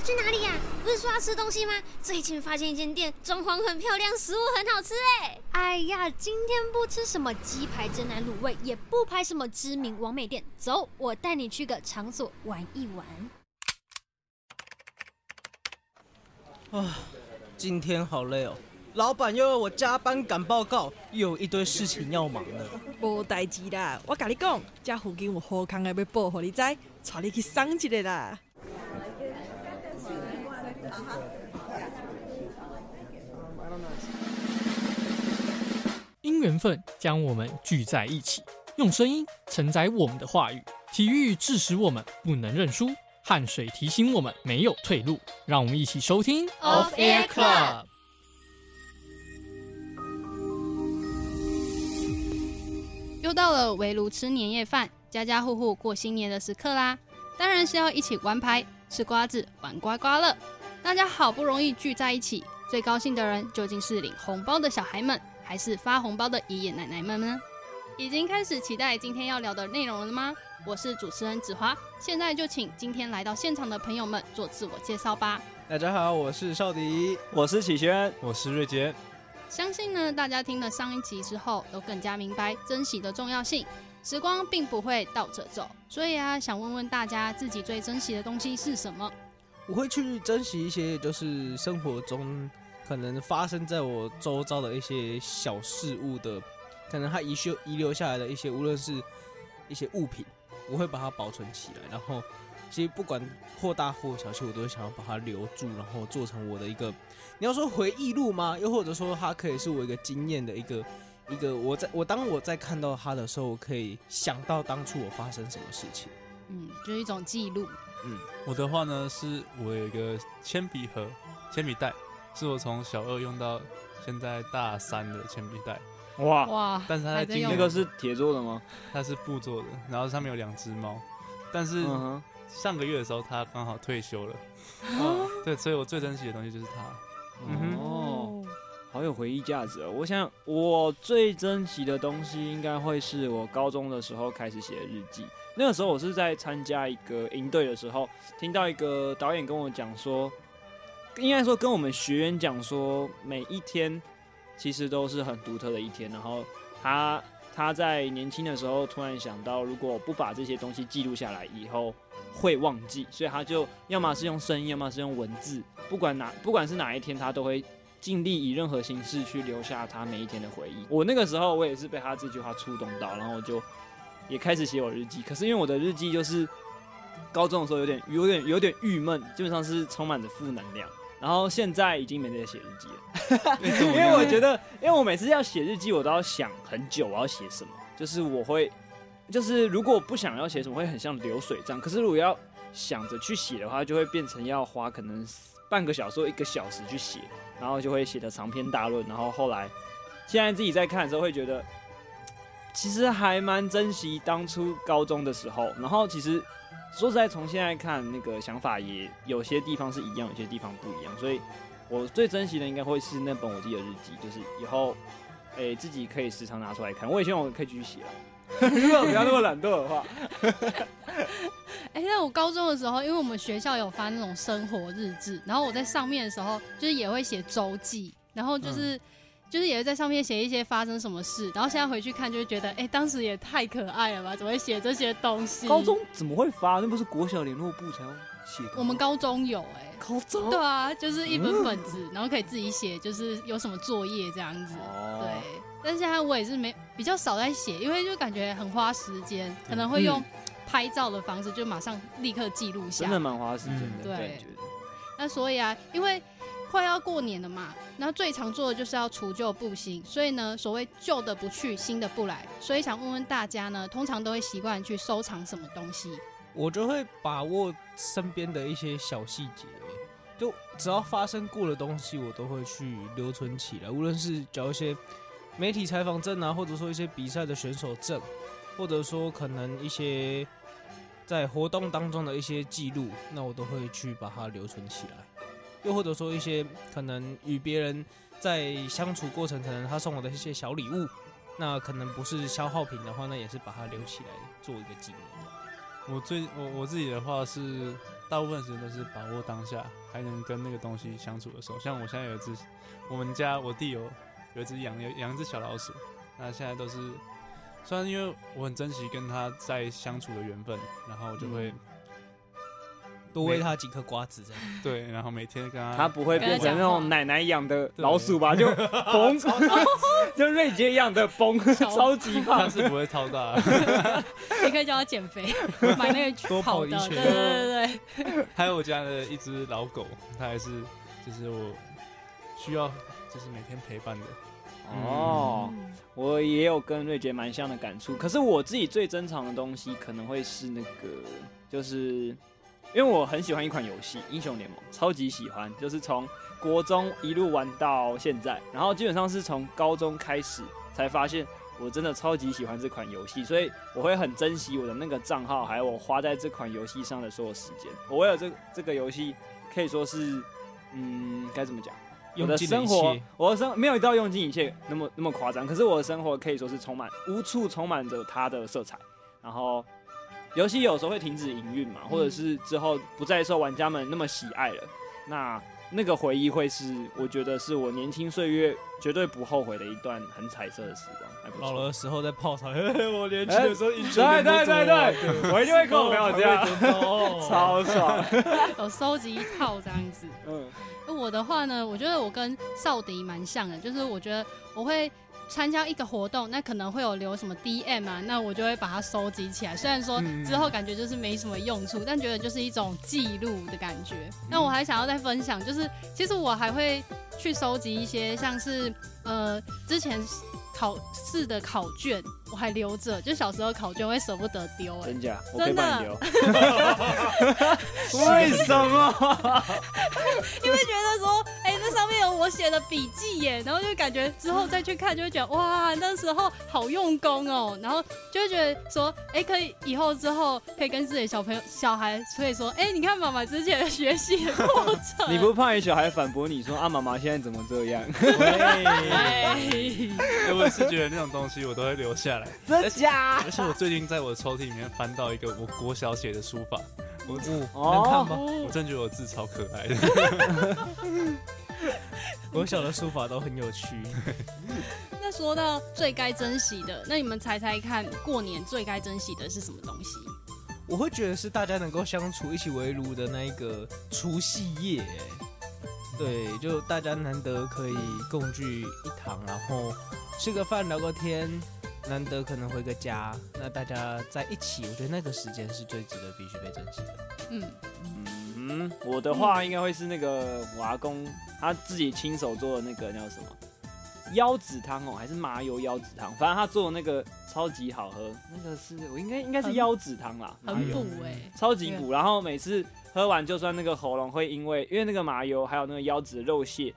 去哪裡呀，啊？不是說要吃東西嗎？最近發現一間店，裝潢很漂亮，食物很好吃，欸、哎！呀，今天不吃什麼雞排，真男滷味，也不排什麼知名網美店，走，我帶你去個場所玩一玩。啊，今天好累哦，喔，老闆又要我加班趕報告，又有一堆事情要忙呢。無代志啦，我跟你講，這附近有好康，的要報，荷你仔，帶你去賞一個啦。因緣分將我們聚在一起，用聲音承載我們的話語。體育致使我們不能認輸，汗水提醒我們沒有退路。讓我們一起收聽 Off Air Club。又到了圍爐吃年夜飯、家家戶戶過新年的時刻啦！當然是要一起玩牌、吃瓜子、玩刮刮樂。大家好不容易聚在一起，最高興的人究竟是領紅包的小孩們，還是發紅包的爺爺奶奶們呢？已經開始期待今天要聊的內容了嗎？我是主持人子華，現在就請今天來到現場的朋友們做自我介紹吧。大家好，我是少迪，我是啟軒，我是瑞傑。瑞相信呢，大家聽了上一集之後，都更加明白珍惜的重要性。時光並不會倒着走，所以啊，想問問大家，自己最珍惜的東西是什麼？我會去珍惜一些，就是生活中可能發生在我周遭的一些小事物的，可能它遺修遺留下來的一些，無論是一些物品，我會把它保存起來。然後，其實不管或大或小，其實我都會想要把它留住，然後做成我的一個，你要說回憶錄嗎？又或者說它可以是我一個經驗的一個一個，我在我當我在看到它的時候，我可以想到當初我發生什麼事情。嗯，就是一種記錄。嗯，我的話呢，是我有一個鉛筆盒、鉛筆袋，是我從小二用到現在大三的鉛筆袋。哇哇！但是它那個是鐵做的嗎？它是布做的，然後上面有兩隻貓。但是上個月的時候，它剛好退休了。嗯、哼對，所以我最珍惜的東西就是它。哦，嗯、哼好有回憶價值、哦。我想，我最珍惜的東西應該會是我高中的時候開始寫的日記。那個時候我是在參加一個營隊的時候，聽到一個導演跟我講說，應該說跟我們學員講說，每一天其實都是很獨特的一天。然後他他在年輕的時候突然想到，如果不把這些東西記錄下來，以後會忘記，所以他就要麼是用聲音，要麼是用文字，不管哪不管是哪一天，他都會盡力以任何形式去留下他每一天的回憶。我那個時候我也是被他這句話觸動到，然後我就，也開始寫我日記，可是因為我的日記就是高中的時候有點有點有點鬱悶，基本上是充滿着負能量。然後現在已經沒得寫日記了， 因為我覺得，因為我每次要寫日記，我都要想很久，我要寫什麼。就是我會，就是如果不想要寫什麼，會很像流水賬。可是如果要想着去寫的話，就會變成要花可能半個小時或一個小時去寫，然後就會寫得長篇大論。然後後來現在自己在看的時候，會覺得。其實還蠻珍惜當初高中的時候，然後其實說實在，從現在看，那個想法也有些地方是一樣，有些地方不一樣。所以，我最珍惜的應該會是那本我自己的日記，就是以後、欸，自己可以時常拿出來看。我也希望我可以繼續寫了。 如果我不要那麼懶惰的話、 欸。哎，那我高中的時候，因為我們學校有發那種生活日志，然後我在上面的時候，就是也會寫周記，然後就是。嗯就是也會在上面寫一些發生什麼事，然後現在回去看就會覺得，哎、欸，當時也太可愛了吧，怎麼會寫這些東西？高中怎麼會發？那不是國小聯絡簿才要寫。我們高中有哎、欸，高中對啊，就是一本本子，嗯、然後可以自己寫，就是有什麼作業這樣子。啊、對，但是現在我也是沒比較少在寫，因為就感覺很花時間，可能會用拍照的方式就馬上立刻記錄下來，真的蠻花時間的。嗯、對，那所以啊，因為。快要過年了嘛，那最常做的就是要除舊布新，所以呢，所謂舊的不去，新的不來。所以想問問大家呢，通常都會習慣去收藏什麼東西？我就會把握身邊的一些小細節，就只要發生過的東西，我都會去留存起來。無論是找一些媒體採訪證啊，或者說一些比賽的選手證，或者說可能一些在活動當中的一些記錄，那我都會去把它留存起來。又或者說一些可能與別人在相處過程，可能他送我的一些小禮物，那可能不是消耗品的話，那也是把它留起來做一個紀念。我最我我自己的話是，大部分時間都是把握當下，還能跟那個東西相處的時候。像我現在有一隻，我們家我弟有有一隻養養一隻小老鼠，那現在都是雖然因為我很珍惜跟它在相處的緣分，然後我就會。餵它幾顆瓜子這樣，對，然後每天跟它，它不會變成那種奶奶養的老鼠吧？就瘋，就瑞杰養的瘋，超級胖，它是不會超大。你可以叫它減肥，買那個跑的，對對對對。還有我家的一隻老狗，它還是就是我需要就是每天陪伴的。哦，我也有跟瑞杰蠻像的感觸，可是我自己最珍藏的東西可能會是那個，就是。因為我很喜歡一款遊戲《英雄聯盟》，超級喜歡，就是從國中一路玩到現在，然後基本上是從高中開始才發現，我真的超級喜歡這款遊戲，所以我會很珍惜我的那個賬號，還有我花在這款遊戲上的所有時間。我為了這這個遊戲，可以說是，嗯，該怎麼講？我的生活，我的生沒有到用盡一切那麼那麼誇張，可是我的生活可以說是充滿，無處充滿着它的色彩，然後。遊戲有時候會停止營運嘛，或者是之後不再受玩家們那麼喜愛了，嗯、那那個回憶會是我覺得是我年輕歲月絕對不後悔的一段很彩色的時光。還不錯。老了的時候在泡茶， 我年輕的時候一直、欸、對對對對，對我一定會跟我朋友這樣， 超爽。 我收集一套這樣子，嗯，我的話呢，我覺得我跟少迪蠻像的，就是我覺得我會。參加一個活動，那可能會有留什麼 DM 啊，那我就會把它收集起來。雖然說之後感覺就是沒什麼用處，嗯、但覺得就是一種記錄的感覺。嗯、那我還想要再分享，就是其實我還會去收集一些，像是呃之前考試的考卷，我還留着。就小時候考卷我會捨不得丟、欸，真假，我可以真的？真的。為什麼？ 因為覺得說。寫的筆記耶，然後就感覺之後再去看，就會覺得哇，那時候好用功哦，然後就會覺得說，哎，可以以後之後可以跟自己的小朋友、小孩，所以說，哎，你看媽媽之前學習的過程， 你不怕小孩反駁你說啊，媽媽現在怎麼這樣？我是覺得那種東西我都會留下來？真的假的？而且我最近在我抽屜裡面翻到一個我國小寫的書法。我字能看嗎？哦、我真覺得我字超可愛的。 我小的書法都很有趣。 那說到最該珍惜的，那你們猜猜看，過年最該珍惜的是什麼東西？我會覺得是大家能夠相處、一起圍爐的那一個除夕夜。對，就大家難得可以共聚一堂，然後吃個飯、聊個天。難得可能回個家，那大家在一起，我覺得那個時間是最值得必須被珍惜的。嗯嗯，我的話應該會是那個阿公、嗯、他自己親手做的那個叫什麼腰子湯哦、喔，還是麻油腰子湯？反正他做的那個超級好喝。那個是我應該應該是腰子湯啦，很補哎，超級補。嗯、然後每次喝完，就算那個喉嚨會因為因為那個麻油還有那個腰子的肉屑。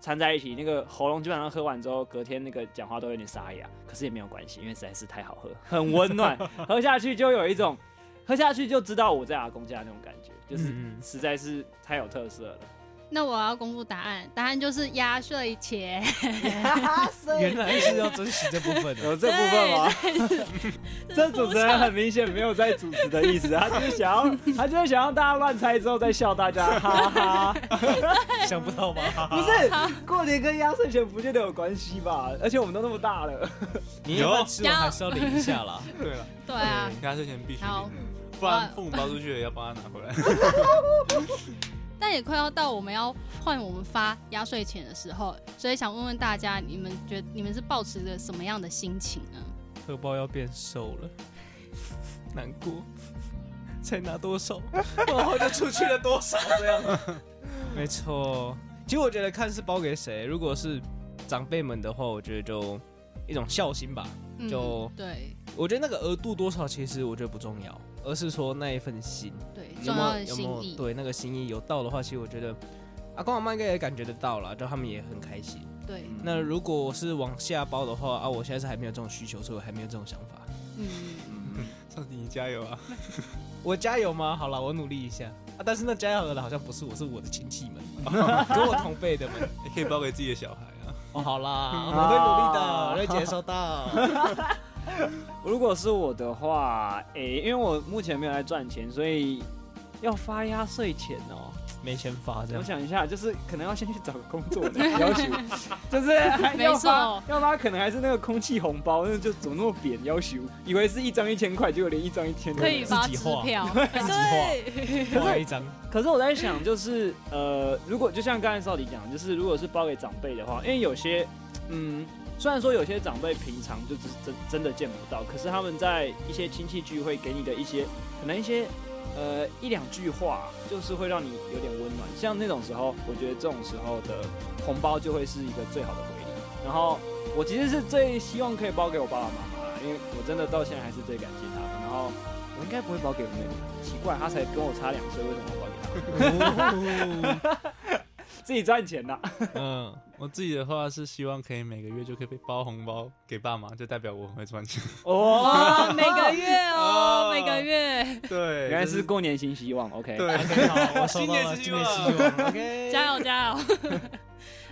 摻在一起，那個喉嚨基本上喝完之後，隔天那個講話都有點沙啞，可是也沒有關係，因為實在是太好喝，很溫暖， 喝下去就有一種，喝下去就知道我在阿公家那種感覺，就是實在是太有特色了。那我要公布答案，答案就是壓歲錢。原來是要珍惜這部分的，有這部分嗎？這主持人很明顯沒有在主持的意思，他就是想要，他就是想要大家亂猜之後再笑大家，哈哈。想不到嗎？不是，過年跟壓歲錢不見得有關係吧？而且我們都那麼大了，你要吃完還是要領一下啦？對啊，壓歲錢必須，不然父母包出去也要幫他拿回來。但也快要到我們要換我們發壓歲錢的時候，所以想問問大家，你們覺得你們是抱持著什麼樣的心情呢？荷包要變瘦了，難過。才拿多少， 然後就出去了多少 這樣沒錯，其實我覺得看是包給誰，如果是長輩們的話，我覺得就一種孝心吧。就、嗯、對，我覺得那個額度多少，其實我覺得不重要。而是說那一份心，對，重要的心意，對那個心意有到的話，其實我覺得啊，阿公阿嬤應該也感覺得到了，就他們也很開心。對，那如果我是往下包的話啊，我現在是還沒有這種需求，所以我還沒有這種想法。嗯，嗯，上錦，你加油啊！我加油嗎？好了，我努力一下啊！但是那加油的好像不是我，是我的親戚們， 跟我同輩的們、 欸，可以包給自己的小孩啊。哦，好啦，我會努力的，啊、我會接受到。 如果是我的話，哎、欸，因為我目前沒有在賺錢，所以要發壓歲錢哦。沒錢發，這樣。我想一下，就是可能要先去找個工作，要求， 就是還沒有發、喔。要發可能還是那個空氣紅包，那就怎麼那麼扁要求？以為是一張一千塊，結果連一張一千的。可以發票，自己畫，對對自己畫，一張。可是我在想，就是呃，如果就像剛才少迪講，就是如果是包給長輩的話，因為有些嗯。雖然說有些長輩平常就只是真真真的見不到，可是他們在一些親戚聚會給你的一些，可能一些，呃，一兩句話啊，就是會讓你有點溫暖。像那種時候，我覺得這種時候的紅包就會是一個最好的回禮。然後我其實是最希望可以包給我爸爸媽媽，因為我真的到現在還是最感謝他們。然後我應該不會包給我妹妹，奇怪，他才跟我差兩歲，為什麼要包給他？哦 自己賺錢吶。嗯，我自己的話是希望可以每個月就可以被包紅包給爸媽，就代表我很會賺錢。哇，每個月哦，每個月。對，原來是過年新希望。OK。對，好，我新年新希望。OK，加油加油。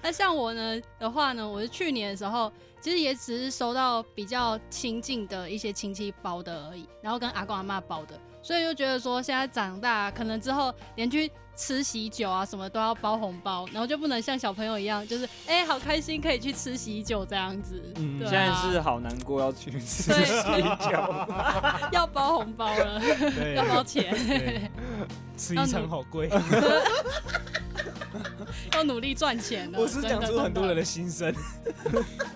那像我呢的話呢，我是去年的時候，其實也只是收到比較親近的一些親戚包的而已，然後跟阿公阿媽包的。所以就覺得說，現在長大可能之後連去吃喜酒啊什麼都要包紅包，然後就不能像小朋友一樣，就是哎、欸、好開心可以去吃喜酒這樣子。嗯，對啊、現在是好難過，要去吃喜酒，對 要包紅包了，對 要包錢，對 吃一餐好貴， 要努力賺錢了，我是講出很多人的心聲。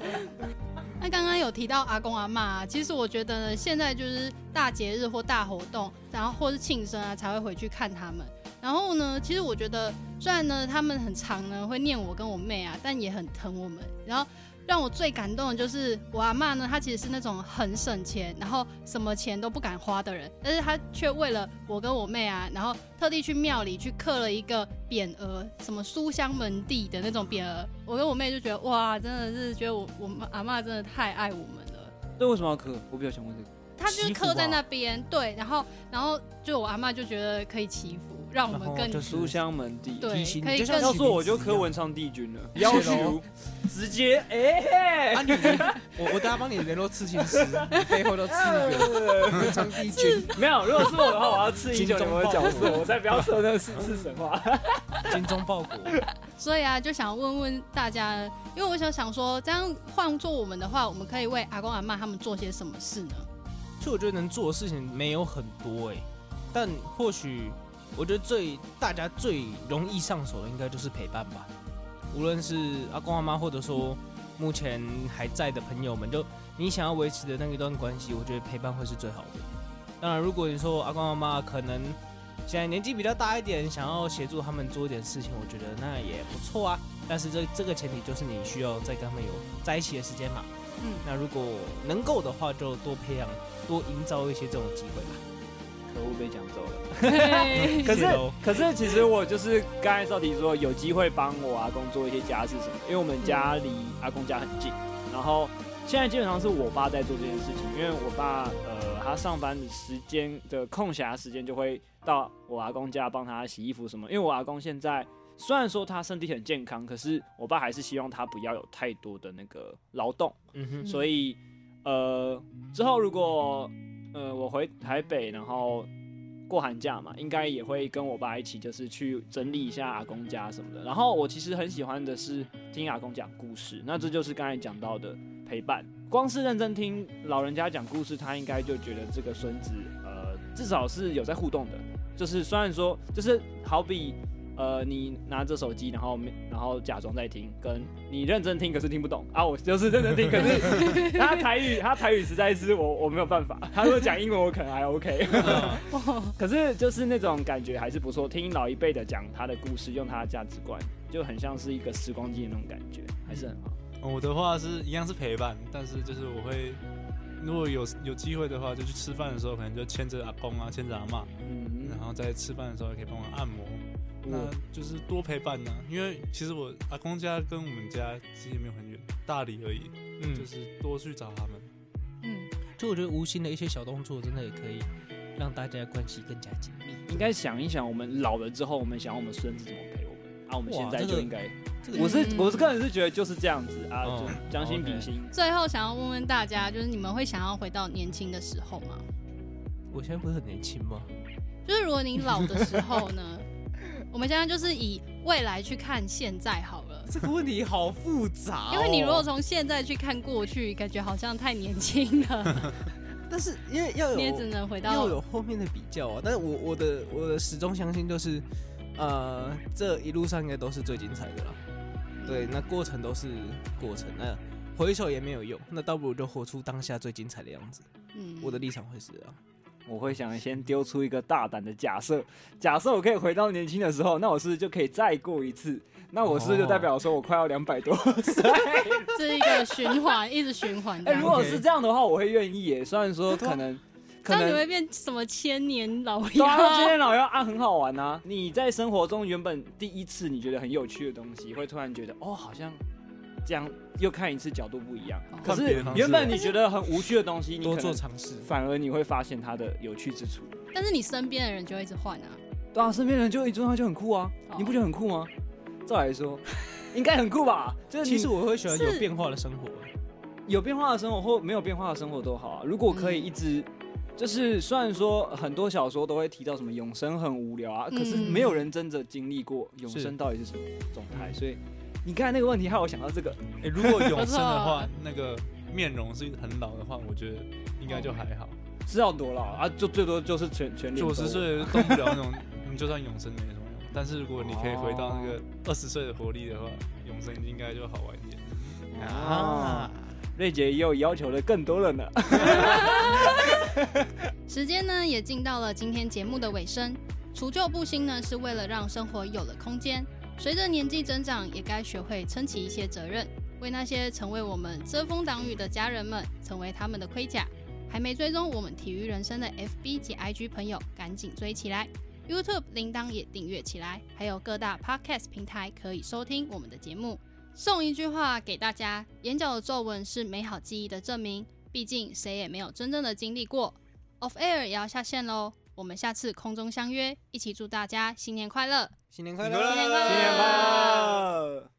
剛剛有提到阿公阿嬤啊，其實我覺得呢，現在就是大節日或大活動，然後或是慶生啊，才會回去看他們。然後呢，其實我覺得雖然呢，他們很常呢會念我跟我妹啊，但也很疼我們。然後。讓我最感動的就是我阿嬤呢，她其實是那種很省錢，然後什麼錢都不敢花的人，但是她卻為了我跟我妹啊，然後特地去廟裡去刻了一個匾額，什麼書香門第的那種匾額。我跟我妹就覺得哇，真的是覺得我我阿嬤真的太愛我們了。那為什麼要刻？我比較想問這個。她就是刻在那邊，啊、對，然後然後就我阿嬤就覺得可以祈福。讓我們更就書香門第，對，可以更。就像要做，我就磕文昌帝君了。要求直接，哎，我我等下幫你聯絡刺青師，背後都刺一個文昌帝君。沒有，如果是我的話，我要刺一個金鐘。我才不要說那個是神話，精忠報國。所以啊，就想問問大家，因為我想想說，這樣換做我們的話，我們可以為阿公阿媽他們做些什麼事呢？就我覺得能做的事情沒有很多哎，但或許。我覺得最大家最容易上手的應該就是陪伴吧，無論是阿公阿媽或者說目前還在的朋友們，就你想要維持的那一段關係，我覺得陪伴會是最好的。當然，如果你說阿公阿媽可能現在年紀比較大一點，想要協助他們做一點事情，我覺得那也不錯啊。但是這這個前提就是你需要再跟他們有在一起的時間嘛。嗯，那如果能夠的話，就多培養、多營造一些這種機會吧。可惡，被搶走了。Hey, 可是，可是，其實我就是剛才少迪說有機會幫我阿公做一些家事什麼。因為我們家離阿公家很近，然後現在基本上是我爸在做這件事情。因為我爸呃，他上班的時間的空暇時間就會到我阿公家幫他洗衣服什麼。因為我阿公現在雖然說他身體很健康，可是我爸還是希望他不要有太多的那個勞動。嗯哼，所以呃，之後如果。呃，我回台北，然後過寒假嘛，應該也會跟我爸一起，就是去整理一下阿公家什麼的。然後我其實很喜歡的是聽阿公講故事，那這就是剛才講到的陪伴。光是認真聽老人家講故事，他應該就覺得這個孫子，呃，至少是有在互動的。就是雖然說，就是好比。呃，你拿着手機，然後然後假裝在聽，跟你認真聽，可是聽不懂啊。我就是認真聽，可是 他台語，他台語實在是我我沒有辦法。他說講英文我可能還 OK， 可是就是那種感覺還是不錯，聽老一輩的講他的故事，用他的價值觀，就很像是一個時光機的那種感覺，還是很好。哦，我的話是，一樣是陪伴，但是就是我會，如果有有機會的話，就去吃飯的時候，可能就牽着阿公啊，牽着阿嬤，嗯，然後在吃飯的時候也可以幫忙按摩。那就是多陪伴吶、啊，因為其實我阿公家跟我們家其實也沒有很遠，大理而已，嗯、就是多去找他們。嗯，就我覺得無心的一些小動作，真的也可以讓大家的關係更加緊密。應該想一想，我們老了之後，我們想要我們孫子怎麼陪我們？啊？我們現在就應該，我是我是個人是覺得就是這樣子啊，就將心比心。哦 okay、最後想要問問大家，就是你們會想要回到年輕的時候嗎？我現在不是很年輕嗎？就是如果您老的時候呢？ 我們現在就是以未來去看現在好了。這個問題好複雜。因為你如果從現在去看過去，感覺好像太年輕了。 但是因為要有，你也只能回到要有後面的比較啊。但是我我的我的始終相信就是，呃，這一路上應該都是最精彩的了。對，那過程都是過程，那回首也沒有用，那倒不如就活出當下最精彩的樣子。嗯，我的立場會是這樣。我會想先丟出一個大膽的假設，假設我可以回到年輕的時候，那我是不是就可以再過一次？那我是不是就代表說，我快要兩百多歲？這、oh. 是一個循環，一直循環、欸。如果是這樣的話，我會願意耶。雖然說可能，欸、可能這樣你會變什麼千年老妖？啊，千年老妖啊，很好玩啊。你在生活中原本第一次你覺得很有趣的東西，會突然覺得，哦，好像。這樣又看一次角度不一樣，可是原本你覺得很無趣的東西，你多做嘗試，反而你會發現它的有趣之處。但是你身邊的人就會一直換啊？對啊，身邊人就一直換就很酷啊，你不覺得很酷嗎？再來說，應該很酷吧？就是、其實我會喜歡有變化的生活，有變化的生活或沒有變化的生活都好啊。如果可以一直，嗯、就是雖然說很多小說都會提到什麼永生很無聊啊，可是沒有人真的經歷過永生到底是什麼狀態，嗯、所以。你剛才那個問題害我想到這個，哎、欸，如果永生的話， 那個面容是很老的話，我覺得應該就還好，知道多老啊？就最多就是全九十歲動不了那種， 你就算永生也沒什麼用。但是如果你可以回到那個二十歲的活力的話， 永生應該就好玩一點。啊，瑞姐又要求了更多了呢。 時間呢也進到了今天節目的尾聲，除舊布新呢是為了讓生活有了空間。隨着年紀增長，也該學會撐起一些責任，為那些曾為我們遮風擋雨的家人們，成為他們的盔甲。還沒追蹤我們體育人生的 FB 及 IG 朋友，趕緊追起來！YouTube 鈴鐺也訂閱起來，還有各大 Podcast 平台可以收聽我們的節目。送一句話給大家：眼角的皺紋是美好記憶的證明，畢竟誰也沒有真正的經歷過。Off Air 也要下線嘍。我們下次空中相約，一起祝大家新年快樂！新年快樂！新年快樂！